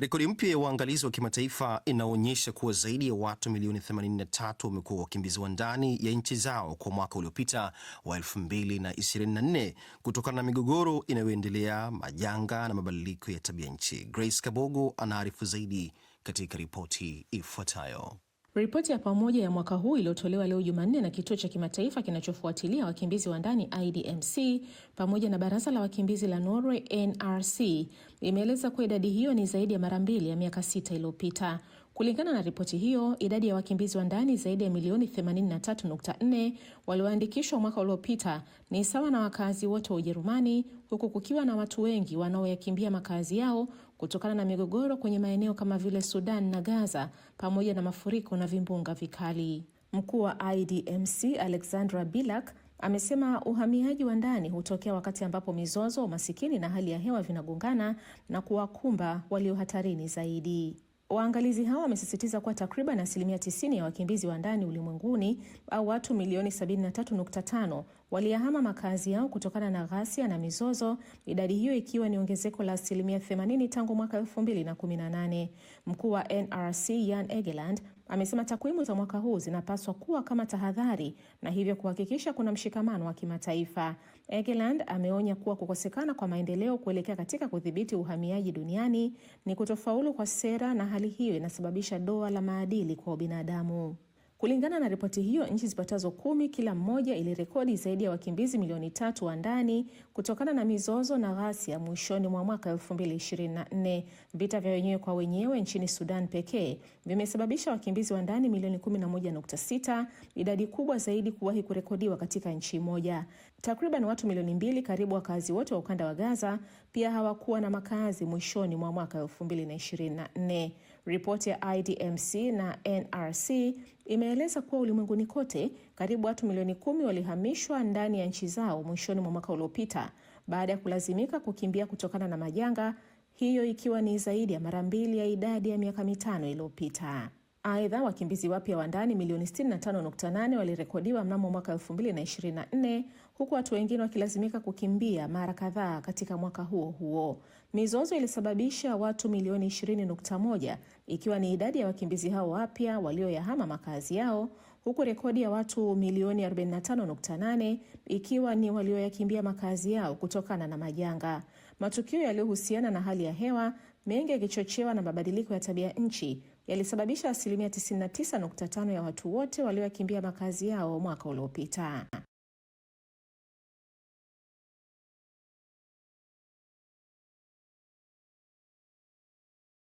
Rekodi mpya ya uangalizi wa kimataifa inaonyesha kuwa zaidi ya watu milioni 83 wamekuwa wa ndani ya nchi zao kwa mwaka uliopita wa 2024 kutokana na migogoro inayoendelea, majanga na mabadiliko ya tabia nchi. Grace Kabogo anaarifu zaidi katika ripoti ifuatayo. Ripoti ya pamoja ya mwaka huu iliyotolewa leo Jumanne na kituo cha kimataifa kinachofuatilia wakimbizi wa ndani IDMC pamoja na baraza la wakimbizi la Norway NRC imeeleza kuwa idadi hiyo ni zaidi ya mara mbili ya miaka sita iliyopita. Kulingana na ripoti hiyo, idadi ya wakimbizi wa ndani zaidi ya milioni 83.4 walioandikishwa mwaka uliopita ni sawa na wakazi wote wa Ujerumani, huku kukiwa na watu wengi wanaoyakimbia makazi yao kutokana na migogoro kwenye maeneo kama vile Sudan na Gaza, pamoja na mafuriko na vimbunga vikali. Mkuu wa IDMC Alexandra Bilak amesema uhamiaji wa ndani hutokea wakati ambapo mizozo, umasikini na hali ya hewa vinagongana na kuwakumba walio hatarini zaidi. Waangalizi hao wamesisitiza kuwa takriban asilimia tisini ya wakimbizi wa ndani ulimwenguni au watu milioni 73.5 waliyahama makazi yao kutokana na ghasia na mizozo, idadi hiyo ikiwa ni ongezeko la asilimia 80 tangu mwaka 2018. Mkuu wa NRC Jan Egeland Amesema takwimu za mwaka huu zinapaswa kuwa kama tahadhari na hivyo kuhakikisha kuna mshikamano wa kimataifa. Egeland ameonya kuwa kukosekana kwa maendeleo kuelekea katika kudhibiti uhamiaji duniani ni kutofaulu kwa sera na hali hiyo inasababisha doa la maadili kwa ubinadamu Kulingana na ripoti hiyo, nchi zipatazo kumi kila mmoja ilirekodi zaidi ya wakimbizi milioni tatu wa ndani kutokana na mizozo na ghasia mwishoni mwa mwaka 2024. Vita vya wenyewe kwa wenyewe nchini Sudan pekee vimesababisha wakimbizi wa ndani milioni 11.6, idadi kubwa zaidi kuwahi kurekodiwa katika nchi moja. Takriban watu milioni mbili, karibu wakazi wote wa ukanda wa Gaza, pia hawakuwa na makazi mwishoni mwa mwaka 2024. Ripoti ya IDMC na NRC imeeleza kuwa ulimwenguni kote karibu watu milioni kumi walihamishwa ndani ya nchi zao mwishoni mwa mwaka uliopita baada ya kulazimika kukimbia kutokana na majanga, hiyo ikiwa ni zaidi ya mara mbili ya idadi ya miaka mitano iliyopita. Aidha, wakimbizi wapya wa ndani milioni 65.8 walirekodiwa mnamo mwaka 2024 huku watu wengine wakilazimika kukimbia mara kadhaa katika mwaka huo huo. Mizozo ilisababisha watu milioni 20.1 ikiwa ni idadi ya wakimbizi hao wapya walioyahama makazi yao, huku rekodi ya watu milioni 45.8 ikiwa ni walioyakimbia makazi yao kutokana na majanga. Matukio yaliyohusiana na hali ya hewa mengi yakichochewa na mabadiliko ya tabia nchi yalisababisha asilimia 99.5 ya watu wote waliokimbia makazi yao mwaka uliopita.